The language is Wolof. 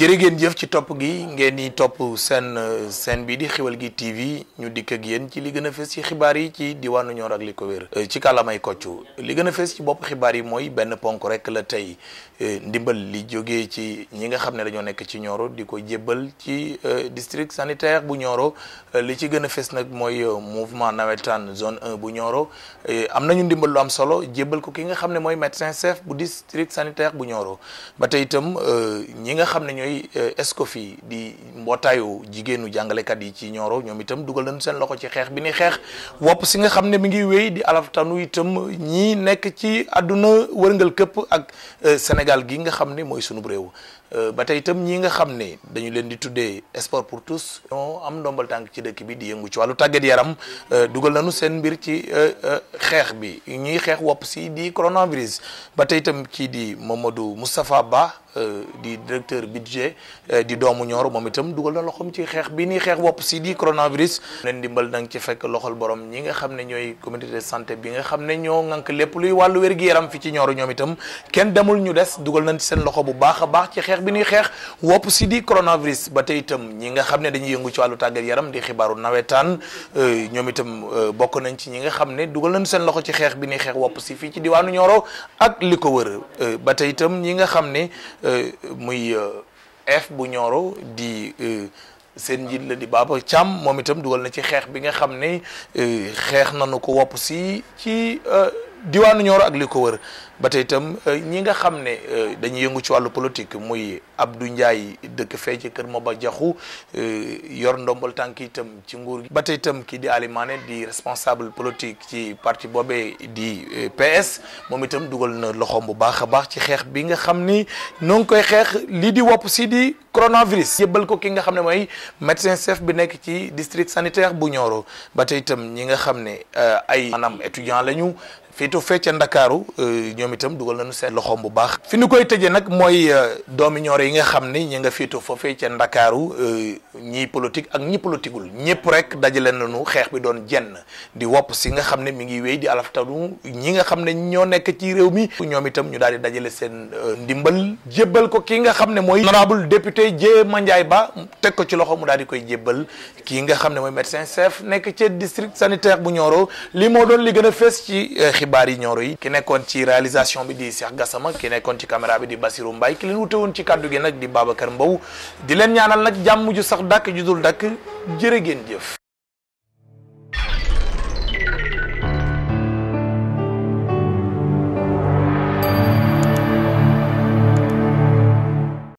jërë ngeen jëf ci topp gi ngeen di topp seen seen bii di xewal gi TV ñu dikk ak yéen ci li gën a fës ci xibaar yi ci diwaanu Nioro ak li ko wér ci kàllaamay koccu li gën a fës ci bopp xibaar yi mooy benn ponk rek la tey e, ndimbal li jógee ci ñi nga xam ne dañoo nekk ci Nioro di ko jébbal ci e, district sanitaire bu Nioro e, li ci gën a fës nag mooy mouvement nawetaan zone 1 bu Nioro am nañu ndimbal lu am solo jébbal ko ki nga xam ne mooy médecin chef bu district sanitaire bu Nioro nga xam ne ñooy mooy euh, escofi di mbootaayu jigéenu jàngalekat yi ci ñooro ñoom itam dugal nañu seen loxo ci xeex bi ni xeex wopp si nga xam ne mi ngi wéy di alaftanu itam ñii nekk ci àdduna wërngal këpp ak euh, Sénégal gi nga xam ne mooy sunub réew euh, ba tey itam ñi nga xam ne dañu leen di tuddee sport pour tous ñoo ndombal tànk ci dëkk bi di yëngu ci wàllu tàggat yaram dugal nañu seen mbir ci xeex bi ñuy coronavirus ba tey itam kii di Mamadou Moustapha Ba Euh, di directeur budget euh, di doomu Nioro moom itam dugal na loxoom ci xeex bi nii xeex wopp si di coronavirus. leen dimbal da nga ci fekk loxol borom ñi nga xam ne ñooy communauté de bi nga xam ne ñoo ŋànk lépp luy wàllu yaram fi ci Nioro ñoom itam kenn demul ñu des dugal nañ seen loxo bu baax a baax ci xeex bi nii xeex wopp si di coronavirus ba tey itam ñi nga xam ne dañu yëngu ci wàllu tàggat yaram di xibaaru nawetaan euh, ñoom itam bokk nañ ci ñi nga xam ne dugal nañ seen loxo ci xeex bi nii xeex wopp si fii ci diwaanu Nioro ak li ko wër ba tey itam ñi nga xam ne Euh, muy euh, F bu Nioro di euh, seen njiit la di Baba càmm moom itam dugal na ci xeex bi nga xam ne xeex nañu ko wopp si ci diwaanu Nioro ak li ko wër ba tey itam euh, ñi nga xam ne euh, dañuy yëngu ci wàllu politique muy Abdou Ndiaye dëkk fee ci kër Maba Diakhou euh, yor ndombal tànk itam ci nguur gi ba tey itam kii di Ali Mané di responsable politique ci parti boobee di PS moom itam dugal na loxoom bu baax a baax ci xeex bi nga xam ni noo ngi koy xeex lii di wopp si di coronavirus yëbbal ko ki nga xam ne mooy médecin chef bi nekk ci district sanitaire bu Nioro ba tey itam ñi nga xam ne ay maanaam étudiant lañu fiitu fecca ndakaaru euh, ñoom itam dugal nañu seen loxoom bu baax fi ñu koy tëjee nag mooy euh, doomi ñooro yi nga xam ne ñi nga fiitu foofee ca ndakaaru euh, ñii politique ak ñi politiqueul ñëpp rek dajale nu xeex bi doon jenn di wopp si nga xam ne mi ngi wéy di alaftanu ñi nga xam ne ñoo nekk ci réew mi ñoom itam ñu daal di dajale seen ndimbal jébbal ko kii nga xam ne mooy honorable député Jéema Ndiaye Ba teg ko ci loxo mu daal di koy jébbal kii nga xam ne mooy médecin chef nekk ci district sanitaire bu ñooro li moo doon li gën fees xibaar yi ñoro yi ki nekkoon ci réalisation bi di Cheikh Gassama ki nekkoon ci caméra bi di Basirou Mbaye ki leen wute woon ci kàddu gi nag di Babacar Mbow di leen ñaanal nag jàmm ju sax dakk ju dul dàkk jërë geen jëf